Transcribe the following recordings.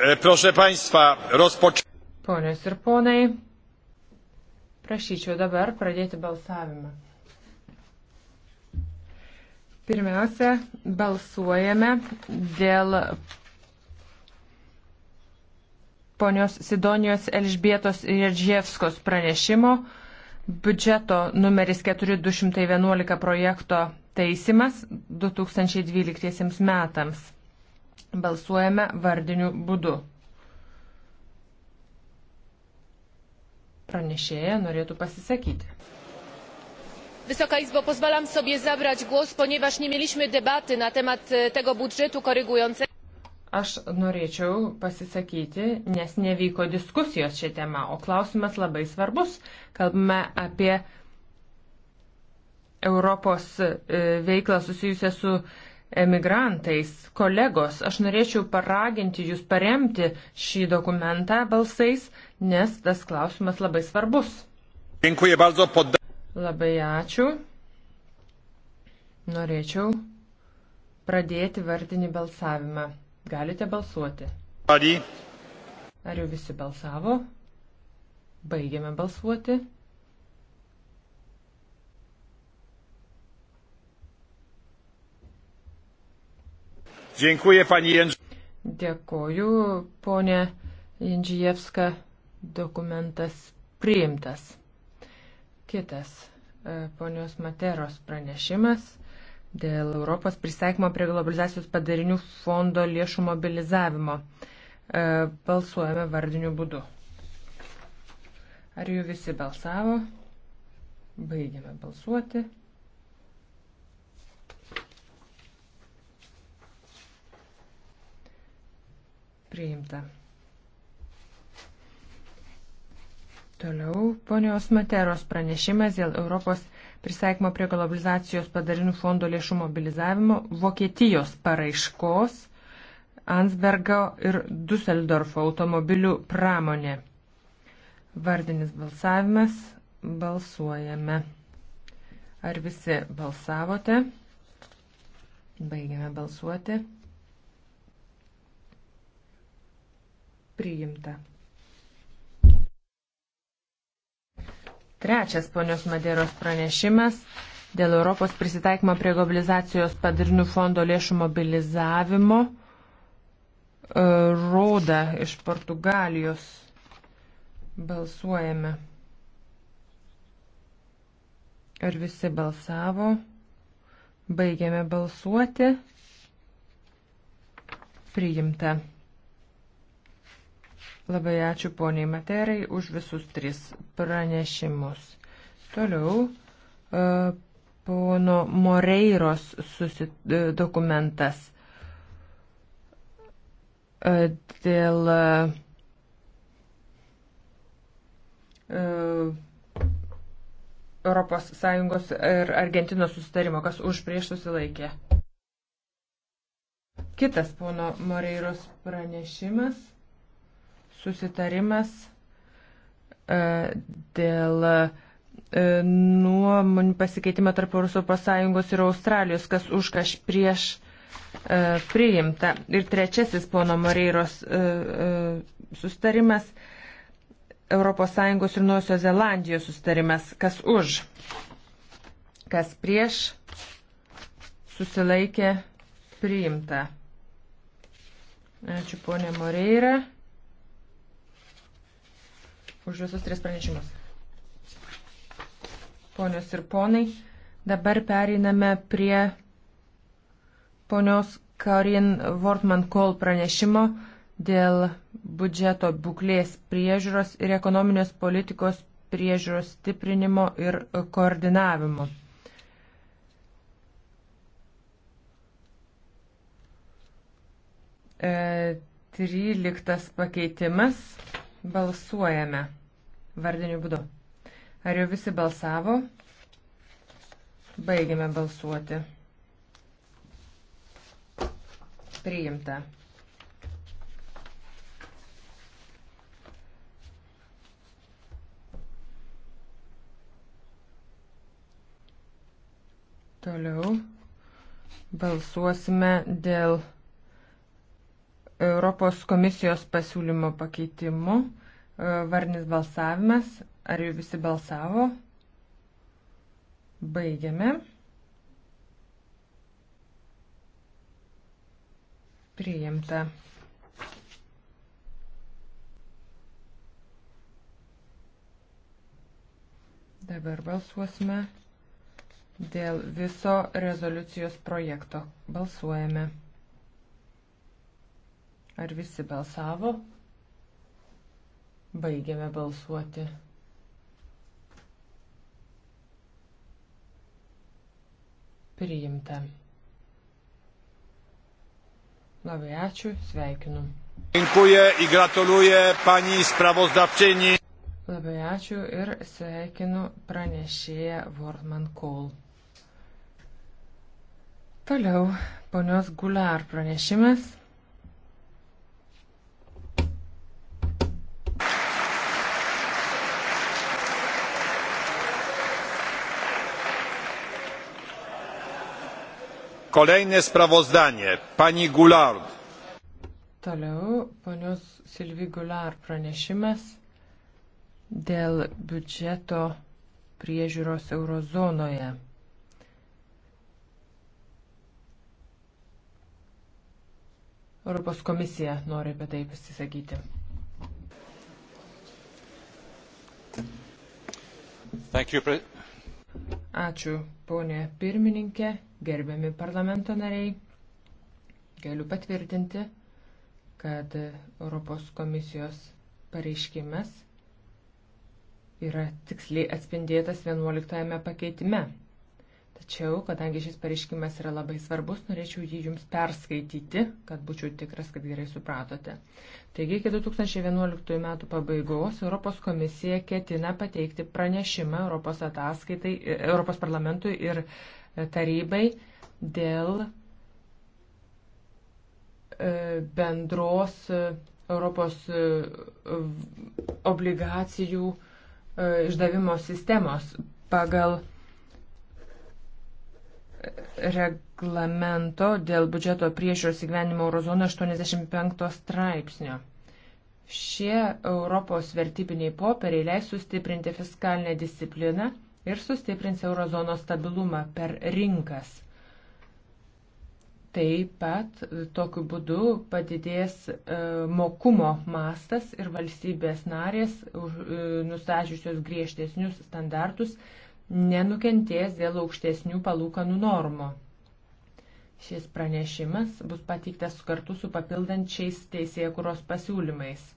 E, proszę Państwa, rozpoczynamy. Ponios ir ponai, prašyčiau dabar pradėti balsavimą. Pirmiausia, balsuojame dėl ponios Sidonijos Elžbietos Jedžievskos pranešimo biudžeto numeris 4211 projekto taisimas 2012 metams. Balsuojame vardiniu būdu. Pranešėja norėtų pasisakyti. Wysoka Izbo, pozwalam sobie zabrać głos, ponieważ nie mieliśmy debaty na temat e, tego budżetu korygującego. Aš norėčiau pasisakyti, nes nevyko diskusijos šią temą, o klausimas labai svarbus. Kalbame apie Europos e, veiklą susijusią su emigrantais. Kolegos, aš norėčiau paraginti jūs paremti šį dokumentą balsais, nes tas klausimas labai svarbus. Labai ačiū. Norėčiau pradėti vardinį balsavimą. Galite balsuoti. Ar jau visi balsavo? Baigiame balsuoti. Dziękuję pani Jędrzej. Dėkoju, ponė Jindžijevska. Dokumentas priimtas. Kitas e, ponios Materos pranešimas dėl Europos prisaikymo prie globalizacijos padarinių fondo lėšų mobilizavimo. E, balsuojame vardiniu būdu. Ar jų visi balsavo? Baigiame balsuoti. Priimta. Toliau ponios Materos pranešimas dėl Europos prisaikymo prie globalizacijos padarinių fondo lėšų mobilizavimo Vokietijos paraiškos Ansbergo ir Düsseldorfo automobilių pramonė. Vardinis balsavimas. Balsuojame. Ar visi balsavote? Baigiame balsuoti. priimta. Trečias ponios Maderos pranešimas dėl Europos prisitaikymo prie globalizacijos padarinių fondo lėšų mobilizavimo e, roda iš Portugalijos. Balsuojame. Ar visi balsavo? Baigiame balsuoti. Priimta. Labai ačiū poniai materai už visus tris pranešimus. Toliau e, pono Moreiros susi, e, dokumentas e, dėl Europos Sąjungos ir Argentinos susitarimo, kas už prieš susilaikė. Kitas pono Moreiros pranešimas susitarimas e, dėl e, nuomonių pasikeitimą tarp Europos Sąjungos ir Australijos, kas už kaž prieš e, priimta. Ir trečiasis pono Moreiros sustarimas, Europos Sąjungos ir Nuosios Zelandijos sustarimas, kas už, kas prieš susilaikė priimta. Ačiū ponė Moreira už visus tris pranešimus. Ponios ir ponai, dabar pereiname prie ponios Karin Wortman Kol pranešimo dėl biudžeto būklės priežiūros ir ekonominės politikos priežiūros stiprinimo ir koordinavimo. E, 13 pakeitimas. Balsuojame vardiniu būdu. Ar jau visi balsavo? Baigėme balsuoti. Priimta. Toliau balsuosime dėl Europos komisijos pasiūlymo pakeitimu. Varnis balsavimas. Ar jau visi balsavo? Baigiame. Priimta. Dabar balsuosime dėl viso rezoliucijos projekto. Balsuojame. Ar visi balsavo? Baigiame balsuoti. Priimta. Labai ačiū, sveikinu. Dziękuję i gratuluję pani sprawozdawczyni. Labai ačiū ir sveikinu pranešėją Wortman Kohl. Toliau ponios Gular pranešimas. Kolejne sprawozdanie. Pani Goulard. Toliau ponios Silvi Goulard pranešimas dėl biudžeto priežiūros eurozonoje. Europos komisija nori apie tai pasisakyti. Ačiū, ponė pirmininkė gerbiami parlamento nariai, galiu patvirtinti, kad Europos komisijos pareiškimas yra tiksliai atspindėtas 11 pakeitime. Tačiau, kadangi šis pareiškimas yra labai svarbus, norėčiau jį jums perskaityti, kad būčiau tikras, kad gerai supratote. Taigi, iki 2011 metų pabaigos Europos komisija ketina pateikti pranešimą Europos, Europos parlamentui ir tarybai dėl e, bendros e, Europos e, obligacijų išdavimo sistemos pagal reglamento dėl biudžeto priežiūros įgyvenimo eurozono 85 straipsnio. Šie Europos vertybiniai poperiai leis sustiprinti fiskalinę discipliną ir sustiprins eurozonos stabilumą per rinkas. Taip pat tokiu būdu padidės e, mokumo mastas ir valstybės narės, e, nustačiusios griežtesnius standartus, nenukentės dėl aukštesnių palūkanų normų. Šis pranešimas bus pateiktas kartu su papildančiais teisėkuros pasiūlymais.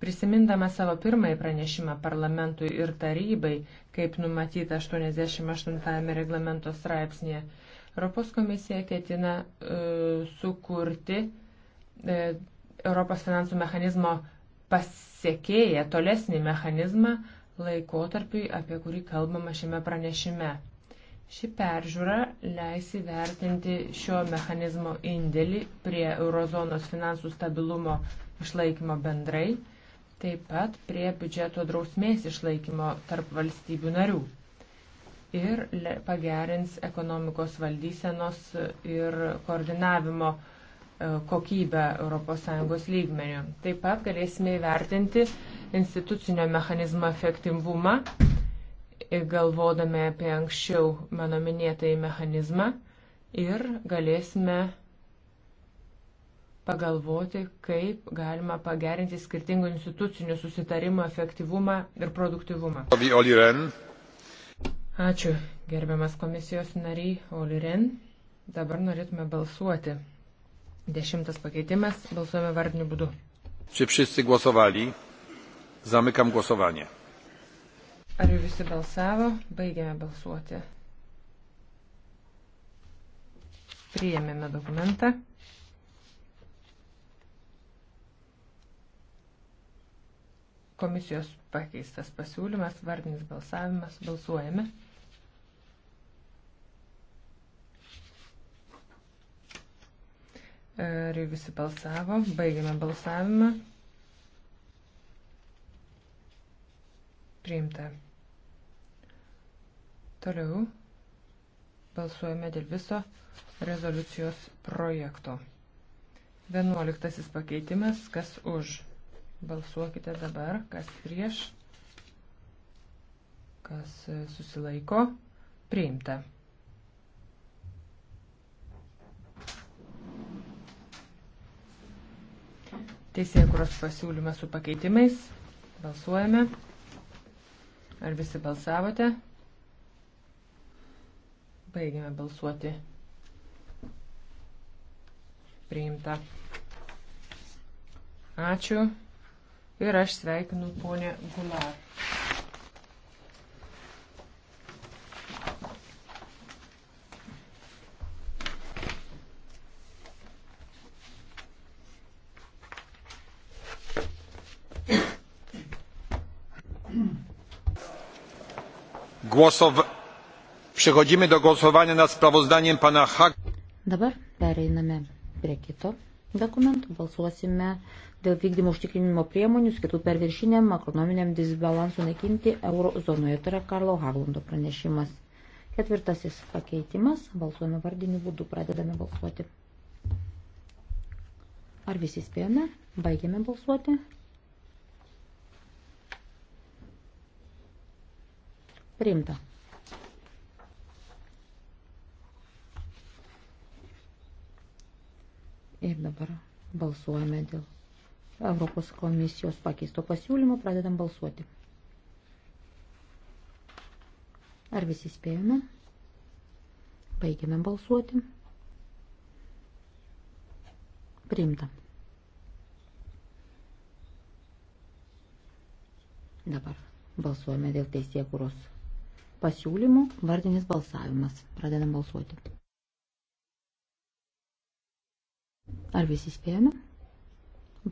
Prisimindama savo pirmąjį pranešimą parlamentui ir tarybai, kaip numatyta 88 reglamento straipsnėje, Europos komisija ketina e, sukurti e, Europos finansų mechanizmo pasiekėję tolesnį mechanizmą laikotarpiui, apie kurį kalbama šiame pranešime. Ši peržiūra leis įvertinti šio mechanizmo indėlį prie eurozonos finansų stabilumo išlaikymo bendrai taip pat prie biudžeto drausmės išlaikymo tarp valstybių narių ir pagerins ekonomikos valdysenos ir koordinavimo e, kokybę ES lygmenių. Taip pat galėsime įvertinti institucinio mechanizmo efektyvumą, e, galvodami apie anksčiau mano minėtąjį mechanizmą ir galėsime pagalvoti, kaip galima pagerinti skirtingų institucinių susitarimų efektyvumą ir produktyvumą. Ačiū, gerbiamas komisijos nariai Oliren. Dabar norėtume balsuoti. Dešimtas pakeitimas. Balsuojame vardiniu būdu. Čia visi głosovali? Zamykam głosowanie. Ar jau visi balsavo? Baigėme balsuoti. Priėmėme dokumentą. Komisijos pakeistas pasiūlymas, vardinis balsavimas, balsuojame. Ir visi balsavo, baigiame balsavimą. Priimta. Toliau balsuojame dėl viso rezoliucijos projekto. Vienuoliktasis pakeitimas, kas už. Balsuokite dabar, kas prieš, kas susilaiko, priimta. Teisėkuros pasiūlymas su pakeitimais. Balsuojame. Ar visi balsavote? Baigiame balsuoti. Priimta. Ačiū ir aš sveikinu ponę Gular. Głosow... Przechodzimy do głosowania nad sprawozdaniem pana Hak. Dabar pereiname prie kito dokumentų balsuosime dėl vykdymo užtikrinimo priemonių skirtų perviršiniam makronominiam disbalansui naikinti euro zonoje. Tai yra Karlo Haglando pranešimas. Ketvirtasis pakeitimas. Balsuojame vardiniu būdu. Pradedame balsuoti. Ar visi spėjome? Baigiame balsuoti. Priimta. Ir dabar balsuojame dėl Europos komisijos pakeisto pasiūlymo. Pradedam balsuoti. Ar visi spėjome? Baigiame balsuoti. Priimta. Dabar balsuojame dėl teisėkūros pasiūlymų. Vardinis balsavimas. Pradedam balsuoti. Ar visi spėjome?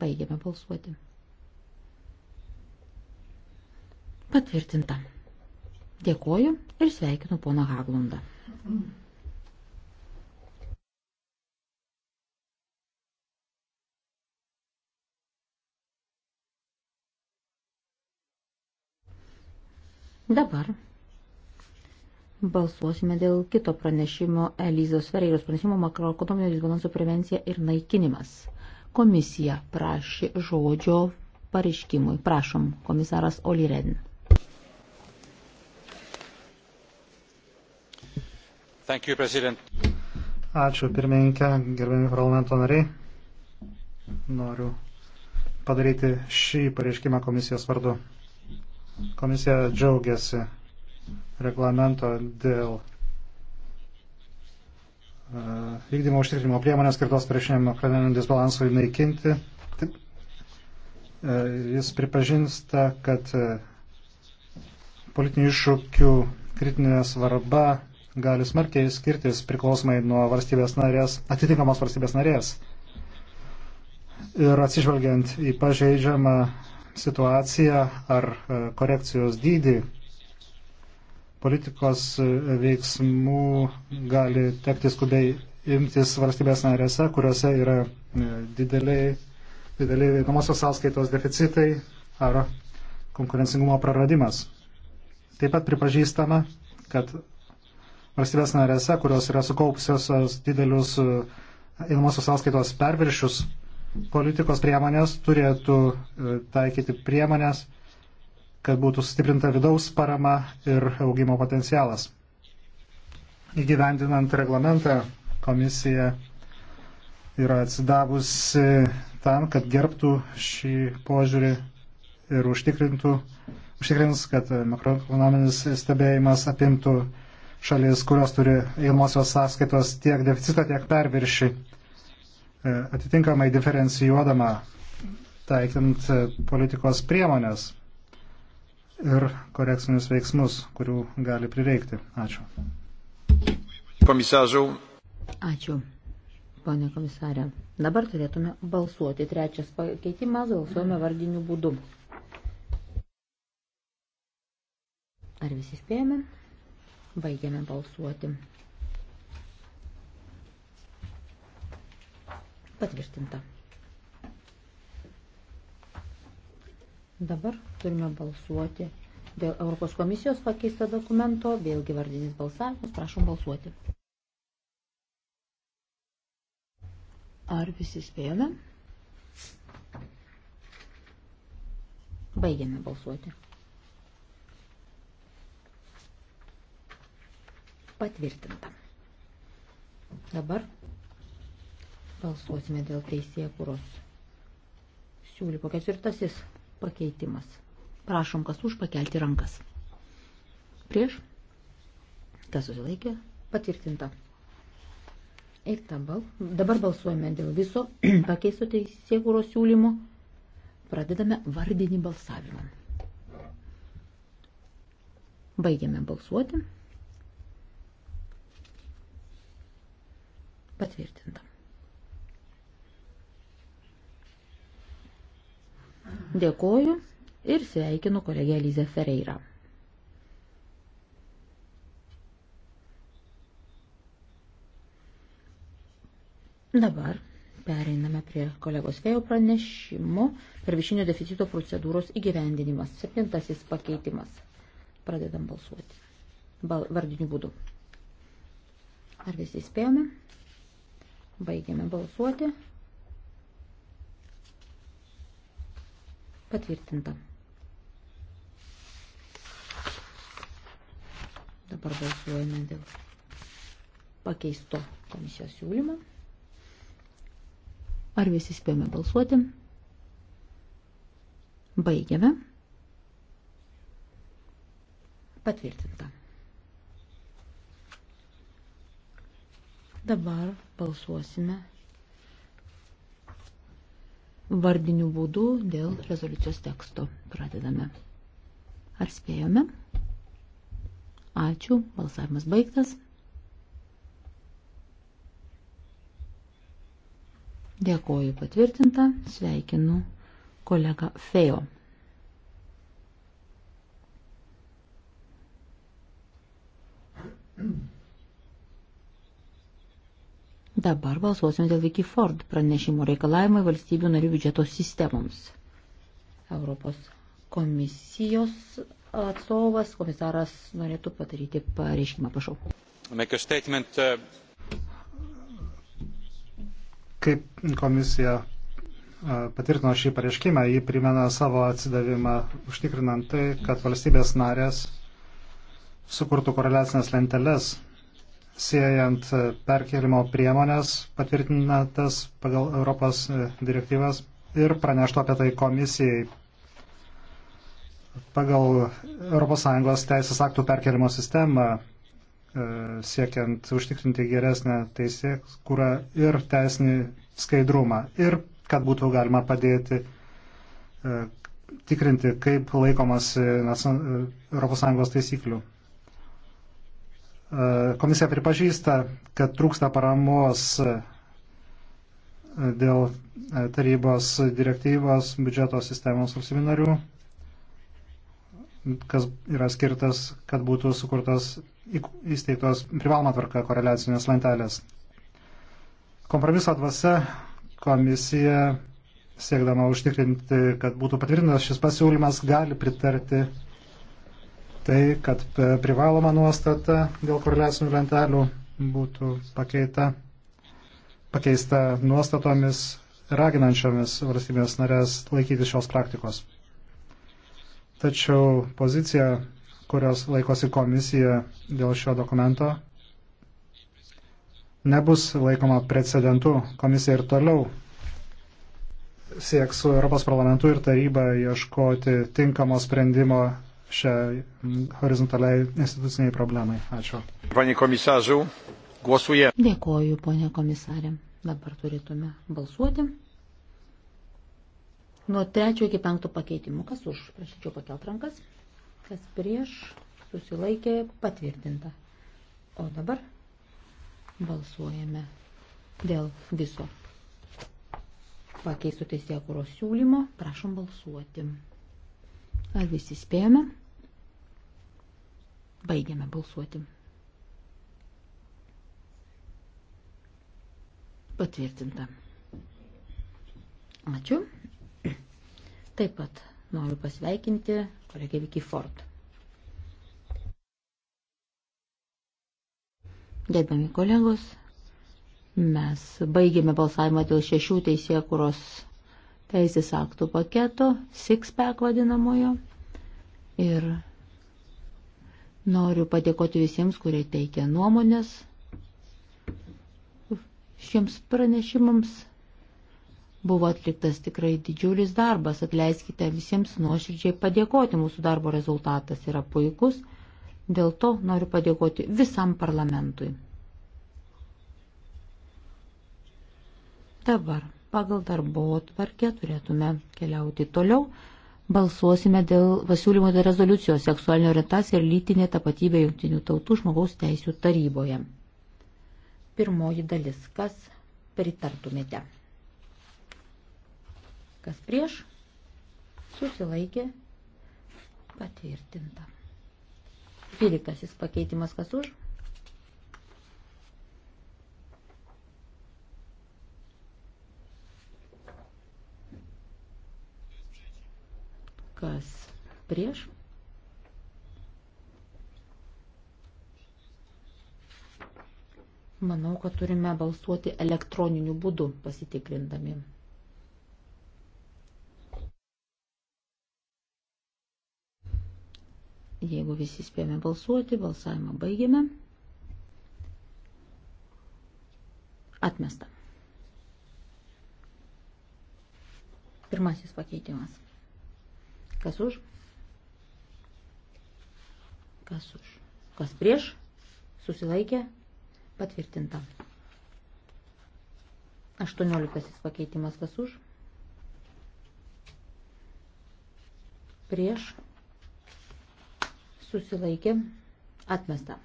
Baigiame balsuoti. Patvirtinta. Dėkoju ir sveikinu poną Haglundą. Dabar balsuosime dėl kito pranešimo Elizos Ferreiros pranešimo makroekonominio disbalanso prevencija ir naikinimas. Komisija prašė žodžio pareiškimui. Prašom, komisaras Oliren. You, Ačiū pirmininkė, gerbiami parlamento nariai. Noriu padaryti šį pareiškimą komisijos vardu. Komisija džiaugiasi reglamento dėl e, vykdymo užtikrinimo priemonės skirtos priešiniam ekonominiam disbalansui naikinti. Taip, e, jis pripažinsta, kad e, politinių iššūkių kritinė svarba gali smarkiai skirtis priklausomai nuo valstybės narės, atitinkamos valstybės narės. Ir atsižvelgiant į pažeidžiamą situaciją ar korekcijos dydį, politikos e, veiksmų gali tekti skubiai imtis valstybės narėse, kuriuose yra e, dideliai, dideliai veikomosios sąskaitos deficitai ar konkurencingumo praradimas. Taip pat pripažįstame, kad valstybės narėse, kurios yra sukaupusios didelius e, einamosios sąskaitos perviršius, politikos priemonės turėtų taikyti priemonės, kad būtų sustiprinta vidaus parama ir augimo potencialas. Įgyvendinant reglamentą, komisija yra atsidavusi tam, kad gerbtų šį požiūrį ir užtikrintų, užtikrins, kad makroekonominis stebėjimas apimtų šalis, kurios turi einamosios sąskaitos tiek deficitą, tiek perviršį, e, atitinkamai diferencijuodama, taikint e, politikos priemonės ir korekcinius veiksmus, kurių gali prireikti. Ačiū. Komisažau. Ačiū, ponė komisarė. Dabar turėtume balsuoti. Trečias pakeitimas balsuojame vardiniu būdu. Ar visi spėjame? Baigiame balsuoti. Patvirtinta. Dabar turime balsuoti dėl Europos komisijos pakeisto dokumento, vėlgi vardinis balsavimas, prašom balsuoti. Ar visi spėjome? Baigiame balsuoti. Patvirtinta. Dabar balsuosime dėl teisėje, kuros siūlypo ketvirtasis pakeitimas. Prašom, kas už pakelti rankas. Prieš. Kas susilaikė? Patvirtinta. Ir tabal. dabar balsuojame dėl viso pakeisto teisėkūros siūlymo. Pradedame vardinį balsavimą. Baigiame balsuoti. Patvirtinta. Dėkoju ir sveikinu kolegę Elizę Ferreirą. Dabar pereiname prie kolegos Fejo pranešimo per višinio deficito procedūros įgyvendinimas. Septintasis pakeitimas. Pradedam balsuoti. Bal, vardiniu būdu. Ar visi spėjome? Baigiame balsuoti. Patvirtinta. Dabar balsuojame dėl pakeisto komisijos siūlymo. Ar visi spėjome balsuoti? Baigiame. Patvirtinta. Dabar balsuosime vardinių būdų dėl rezoliucijos teksto. Pradedame. Ar spėjome? Ačiū. Balsavimas baigtas. Dėkoju patvirtinta. Sveikinu kolega Fejo. Dabar balsuosime dėl Vicky Ford pranešimo reikalavimai valstybių narių biudžeto sistemoms. Europos komisijos atstovas, komisaras norėtų padaryti pareiškimą, prašau. Uh, Kaip komisija uh, patvirtino šį pareiškimą, jį primena savo atsidavimą, užtikrinant tai, kad valstybės narės sukurtų koreliacinės lenteles siejant e, perkelimo priemonės patvirtinatas pagal Europos e, direktyvas ir praneštų apie tai komisijai pagal ES teisės aktų perkelimo sistemą e, siekiant užtikrinti geresnę teisę, kurą ir teisinį skaidrumą. Ir kad būtų galima padėti tikrinti, kaip laikomas ES taisyklių. E, komisija pripažįsta, kad trūksta paramos e, dėl e, tarybos direktyvos biudžeto sistemos valstybių narių, kas yra skirtas, kad būtų sukurtos įsteigtos privaloma tvarka koreliacinės lentelės. Kompromiso dvasia komisija, siekdama užtikrinti, kad būtų patvirtintas šis pasiūlymas, gali pritarti tai, kad privaloma nuostata dėl koreliacinių lentelių būtų pakeita, pakeista nuostatomis raginančiomis valstybės narės laikyti šios praktikos. Tačiau pozicija, kurios laikosi komisija dėl šio dokumento, nebus laikoma precedentu. Komisija ir toliau sieks su Europos parlamentu ir taryba ieškoti tinkamo sprendimo šiai horizontaliai instituciniai problemai. Ačiū. Pane komisaržiau, głosuje. Dėkoju, ponė komisarė. Dabar turėtume balsuoti. Nuo trečio iki penkto pakeitimų. Kas už? Prašyčiau pakelt rankas. Kas prieš? Susilaikė patvirtinta. O dabar balsuojame dėl viso pakeistų teisėkūros siūlymo. Prašom balsuoti. Ar visi spėjome? Baigiame balsuoti. Patvirtinta. Ačiū. Taip pat noriu pasveikinti kolegę Vicky Ford. Gerbiami kolegos, mes baigėme balsavimą dėl šešių teisėkuros teisės aktų paketo, SIXPEC vadinamojo. Ir noriu padėkoti visiems, kurie teikia nuomonės šiems pranešimams. Buvo atliktas tikrai didžiulis darbas, atleiskite visiems nuoširdžiai padėkoti, mūsų darbo rezultatas yra puikus, dėl to noriu padėkoti visam parlamentui. Dabar pagal darbo tvarkę turėtume keliauti toliau. Balsuosime dėl pasiūlymo dėl rezoliucijos seksualinio orientacija ir lytinė tapatybė jungtinių tautų žmogaus teisų taryboje. Pirmoji dalis. Kas pritartumėte? Kas prieš? Susilaikė. Patvirtinta. Dvyliktasis pakeitimas kas už? Kas prieš? Manau, kad turime balsuoti elektroniniu būdu pasitikrindami. Jeigu visi spėjome balsuoti, balsavimą baigėme. Atmesta. Pirmasis pakeitimas. Kas už? Kas už? Kas prieš? Susilaikė? Patvirtinta. 18 pakeitimas kas už? Prieš? Susilaikė? Atmesta.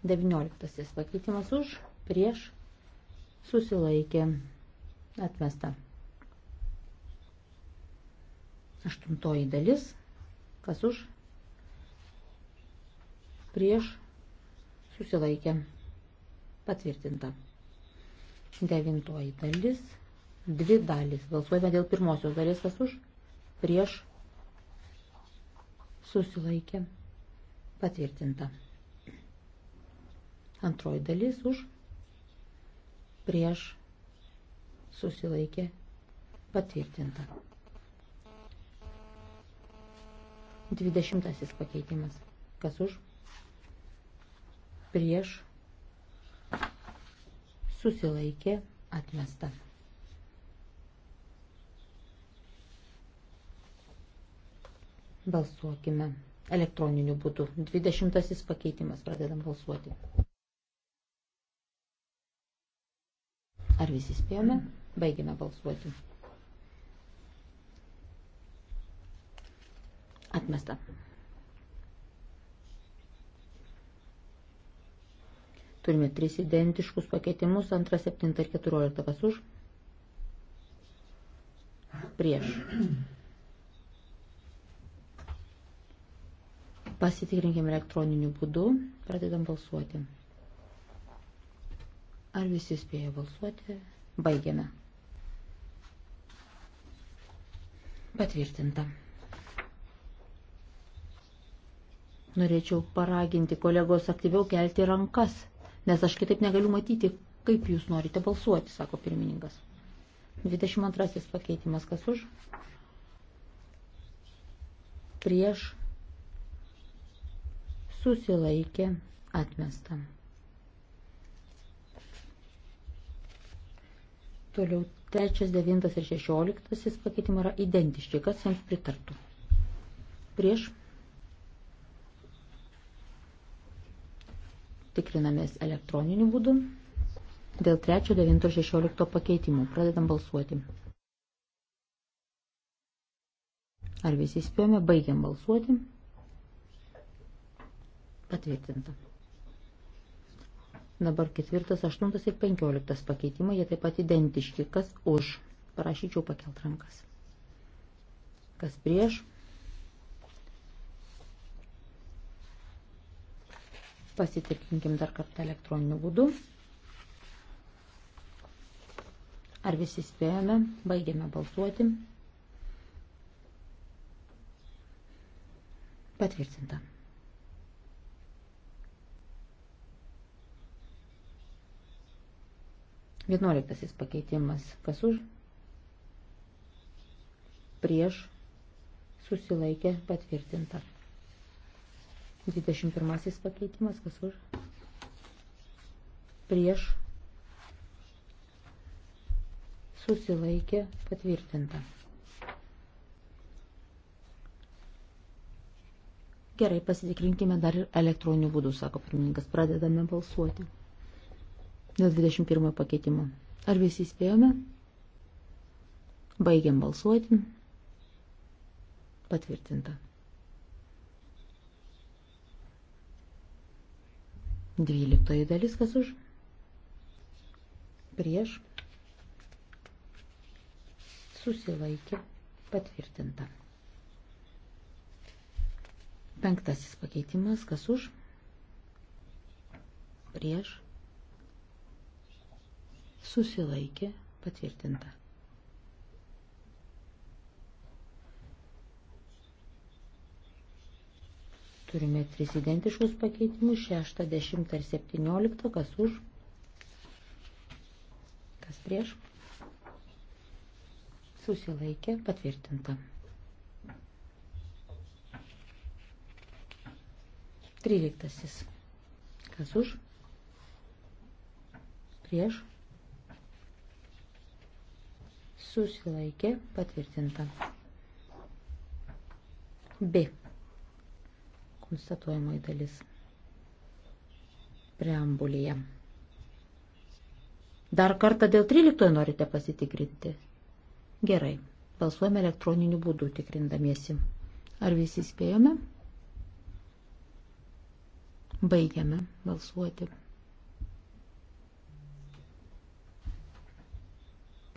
19 pakeitimas už? Prieš? Susilaikė? Atmesta. Aštuntoji dalis. Kas už? Prieš susilaikė. Patvirtinta. Devintoji dalis. Dvi dalis. Balsuojame dėl pirmosios dalies. Kas už? Prieš susilaikė. Patvirtinta. Antroji dalis už prieš susilaikė patvirtinta. Dvidešimtasis pakeitimas. Kas už? Prieš. Susilaikė. Atmesta. Balsuokime elektroniniu būdu. Dvidešimtasis pakeitimas. Pradedam balsuoti. Ar visi spėjome? Baigime balsuoti. Atmesta. Turime tris identiškus pakeitimus, 2, 7 ir 14, kas už? Prieš. Pasitikrinkim elektroniniu būdu, pradedam balsuoti. Ar visi spėjo balsuoti? Baigiame. Patvirtinta. Norėčiau paraginti kolegos aktyviau kelti rankas, nes aš kitaip negaliu matyti, kaip jūs norite balsuoti, sako pirmininkas. 22 pakeitimas kas už? Prieš susilaikė atmestą. Toliau 3, 9 ir 16 pakeitimai yra identiški, kas jiems pritartų. Prieš tikrinamės elektroniniu būdu. Dėl 3, 9 ir 16 pakeitimų pradedam balsuoti. Ar visi spėjome, baigiam balsuoti. Patvirtinta. Dabar ketvirtas, aštuntas ir penkioliktas pakeitimai, jie taip pat identiški, kas už. Parašyčiau pakelt rankas. Kas prieš? Pasitikrinkim dar kartą elektroniniu būdu. Ar visi spėjome? Baigėme balsuoti. Patvirtinta. Vienuoliktasis pakeitimas. Kas už? Prieš susilaikė patvirtinta. 21 pakeitimas, kas už? Prieš. Susilaikė patvirtinta. Gerai, pasitikrinkime dar ir elektroninių būdų, sako pirmininkas. Pradedame balsuoti. Dėl 21 pakeitimo. Ar visi spėjome? Baigiam balsuoti. Patvirtinta. Dvyliktoji dalis, kas už? Prieš. Susilaikė. Patvirtinta. Penktasis pakeitimas, kas už? Prieš. Susilaikė. Patvirtinta. Turime tris identiškus pakeitimus, 6, 10 ir 17, kas už, kas prieš. Susilaikė, patvirtinta. 13. Kas už? Prieš. Susilaikė patvirtinta. B konstatuojamoji dalis preambulėje. Dar kartą dėl 13 norite pasitikrinti? Gerai, balsuojame elektroniniu būdu tikrindamiesi. Ar visi spėjome? Baigiame balsuoti.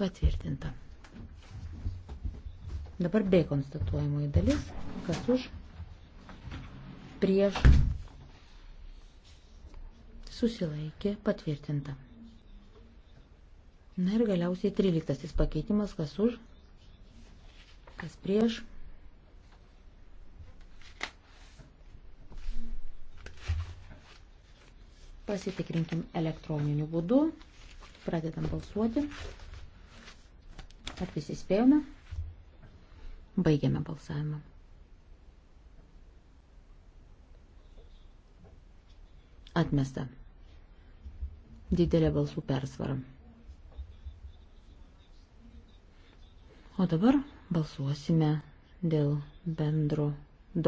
Patvirtinta. Dabar B konstatuojamoji dalis. Kas už? prieš susilaikė patvirtinta. Na ir galiausiai 13 pakeitimas, kas už, kas prieš. Pasitikrinkim elektroniniu būdu, pradedam balsuoti. Ar visi spėjome? Baigiame balsavimą. Atmesta. Didelė balsų persvara. O dabar balsuosime dėl bendro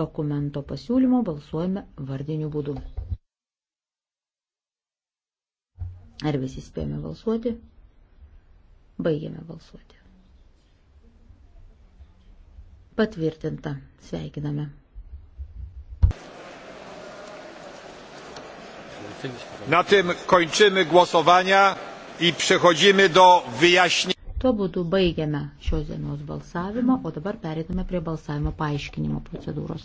dokumento pasiūlymo, balsuojame vardiniu būdu. Ar visi spėjome balsuoti? Baigėme balsuoti. Patvirtinta. Sveikiname. Na tym kończymy głosowania i przechodzimy do wyjaśnienia. Tuo būdu baigiame šios dienos balsavimą, o dabar perėtume prie balsavimo paaiškinimo procedūros.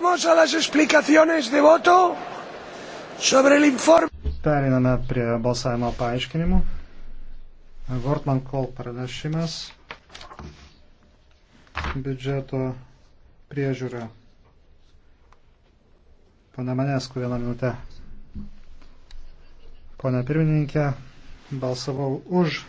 Pasamos a las explicaciones de voto sobre el informe. Periname prie balsavimo paaiškinimų. Gortman Kol pranešimas. Biudžeto priežiūra. Pane Manesku, vieną minutę. Pone pirmininkė, balsavau už